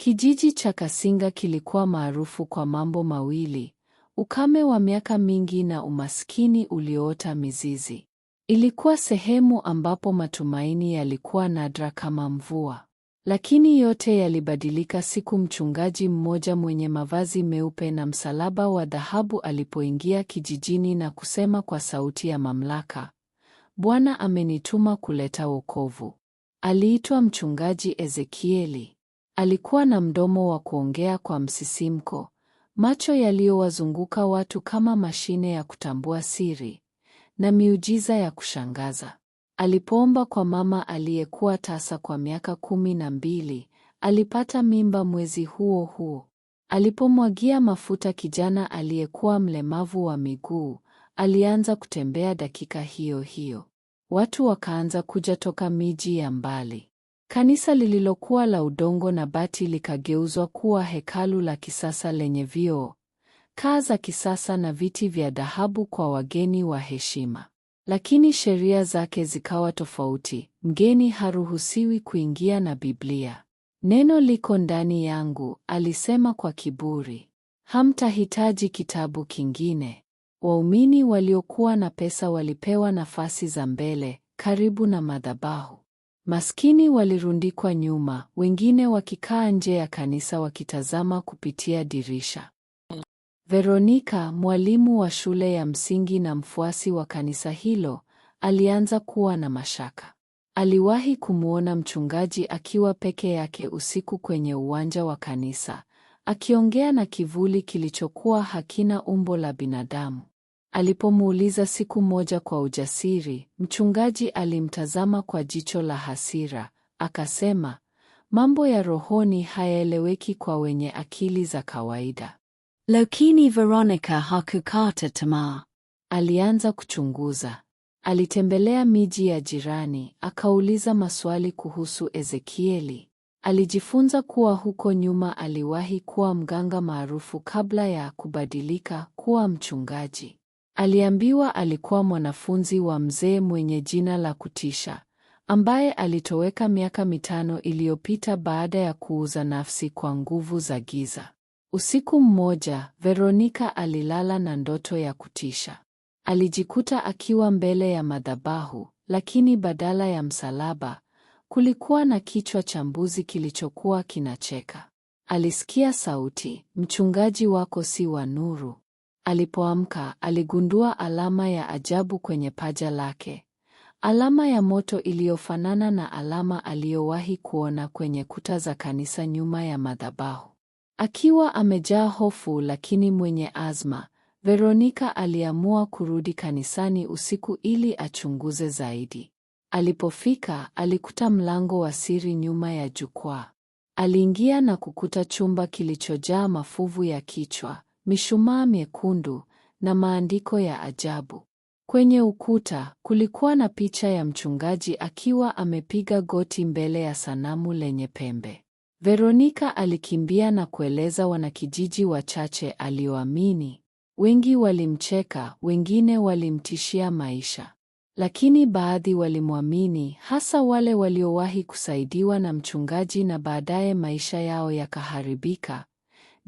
Kijiji cha Kasinga kilikuwa maarufu kwa mambo mawili: ukame wa miaka mingi na umaskini ulioota mizizi. Ilikuwa sehemu ambapo matumaini yalikuwa nadra kama mvua. Lakini yote yalibadilika siku mchungaji mmoja mwenye mavazi meupe na msalaba wa dhahabu alipoingia kijijini na kusema kwa sauti ya mamlaka, Bwana amenituma kuleta wokovu. Aliitwa Mchungaji Ezekieli. Alikuwa na mdomo wa kuongea kwa msisimko, macho yaliyowazunguka watu kama mashine ya kutambua siri, na miujiza ya kushangaza. Alipoomba kwa mama aliyekuwa tasa kwa miaka kumi na mbili, alipata mimba mwezi huo huo. Alipomwagia mafuta kijana aliyekuwa mlemavu wa miguu, alianza kutembea dakika hiyo hiyo. Watu wakaanza kuja toka miji ya mbali. Kanisa lililokuwa la udongo na bati likageuzwa kuwa hekalu la kisasa lenye vioo, kaa za kisasa na viti vya dhahabu kwa wageni wa heshima. Lakini sheria zake zikawa tofauti. Mgeni haruhusiwi kuingia na Biblia. Neno liko ndani yangu, alisema kwa kiburi. Hamtahitaji kitabu kingine. Waumini waliokuwa na pesa walipewa nafasi za mbele karibu na madhabahu. Maskini walirundikwa nyuma, wengine wakikaa nje ya kanisa wakitazama kupitia dirisha. Veronika, mwalimu wa shule ya msingi na mfuasi wa kanisa hilo, alianza kuwa na mashaka. Aliwahi kumwona mchungaji akiwa peke yake usiku kwenye uwanja wa kanisa, akiongea na kivuli kilichokuwa hakina umbo la binadamu. Alipomuuliza siku moja kwa ujasiri, mchungaji alimtazama kwa jicho la hasira, akasema, mambo ya rohoni hayaeleweki kwa wenye akili za kawaida. Lakini Veronica hakukata tamaa. Alianza kuchunguza. Alitembelea miji ya jirani, akauliza maswali kuhusu Ezekieli. Alijifunza kuwa huko nyuma aliwahi kuwa mganga maarufu kabla ya kubadilika kuwa mchungaji. Aliambiwa alikuwa mwanafunzi wa mzee mwenye jina la kutisha ambaye alitoweka miaka mitano iliyopita baada ya kuuza nafsi kwa nguvu za giza. Usiku mmoja, Veronika alilala na ndoto ya kutisha. Alijikuta akiwa mbele ya madhabahu, lakini badala ya msalaba, kulikuwa na kichwa cha mbuzi kilichokuwa kinacheka. Alisikia sauti, mchungaji wako si wa nuru, Alipoamka aligundua alama ya ajabu kwenye paja lake, alama ya moto iliyofanana na alama aliyowahi kuona kwenye kuta za kanisa nyuma ya madhabahu. Akiwa amejaa hofu lakini mwenye azma, veronika aliamua kurudi kanisani usiku ili achunguze zaidi. Alipofika alikuta mlango wa siri nyuma ya jukwaa. Aliingia na kukuta chumba kilichojaa mafuvu ya kichwa, mishumaa miekundu na maandiko ya ajabu. Kwenye ukuta kulikuwa na picha ya mchungaji akiwa amepiga goti mbele ya sanamu lenye pembe. Veronika alikimbia na kueleza wanakijiji wachache alioamini. Wengi walimcheka, wengine walimtishia maisha, lakini baadhi walimwamini, hasa wale waliowahi kusaidiwa na mchungaji na baadaye maisha yao yakaharibika,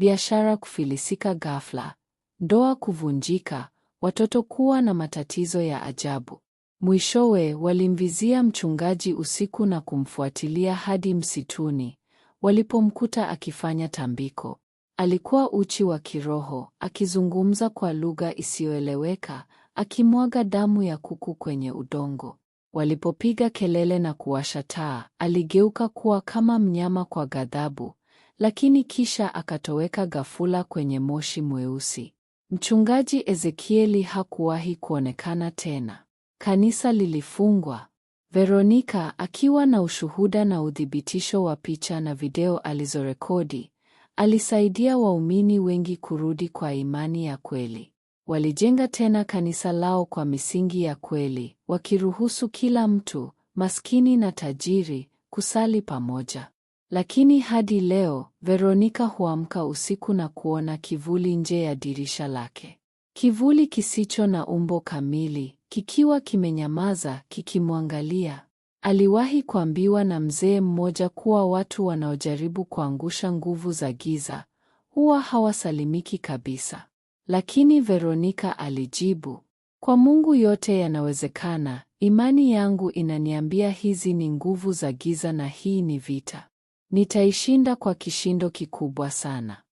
biashara kufilisika ghafla, ndoa kuvunjika, watoto kuwa na matatizo ya ajabu. Mwishowe walimvizia mchungaji usiku na kumfuatilia hadi msituni, walipomkuta akifanya tambiko. Alikuwa uchi wa kiroho, akizungumza kwa lugha isiyoeleweka, akimwaga damu ya kuku kwenye udongo. Walipopiga kelele na kuwasha taa, aligeuka kuwa kama mnyama kwa ghadhabu, lakini kisha akatoweka ghafula kwenye moshi mweusi. Mchungaji Ezekieli hakuwahi kuonekana tena. Kanisa lilifungwa. veronika akiwa na ushuhuda na uthibitisho wa picha na video alizorekodi, alisaidia waumini wengi kurudi kwa imani ya kweli. Walijenga tena kanisa lao kwa misingi ya kweli, wakiruhusu kila mtu, maskini na tajiri, kusali pamoja. Lakini hadi leo, veronika huamka usiku na kuona kivuli nje ya dirisha lake. Kivuli kisicho na umbo kamili, kikiwa kimenyamaza, kikimwangalia. Aliwahi kuambiwa na mzee mmoja kuwa watu wanaojaribu kuangusha nguvu za giza huwa hawasalimiki kabisa. Lakini veronika alijibu, kwa Mungu yote yanawezekana. Imani yangu inaniambia hizi ni nguvu za giza na hii ni vita. Nitaishinda kwa kishindo kikubwa sana.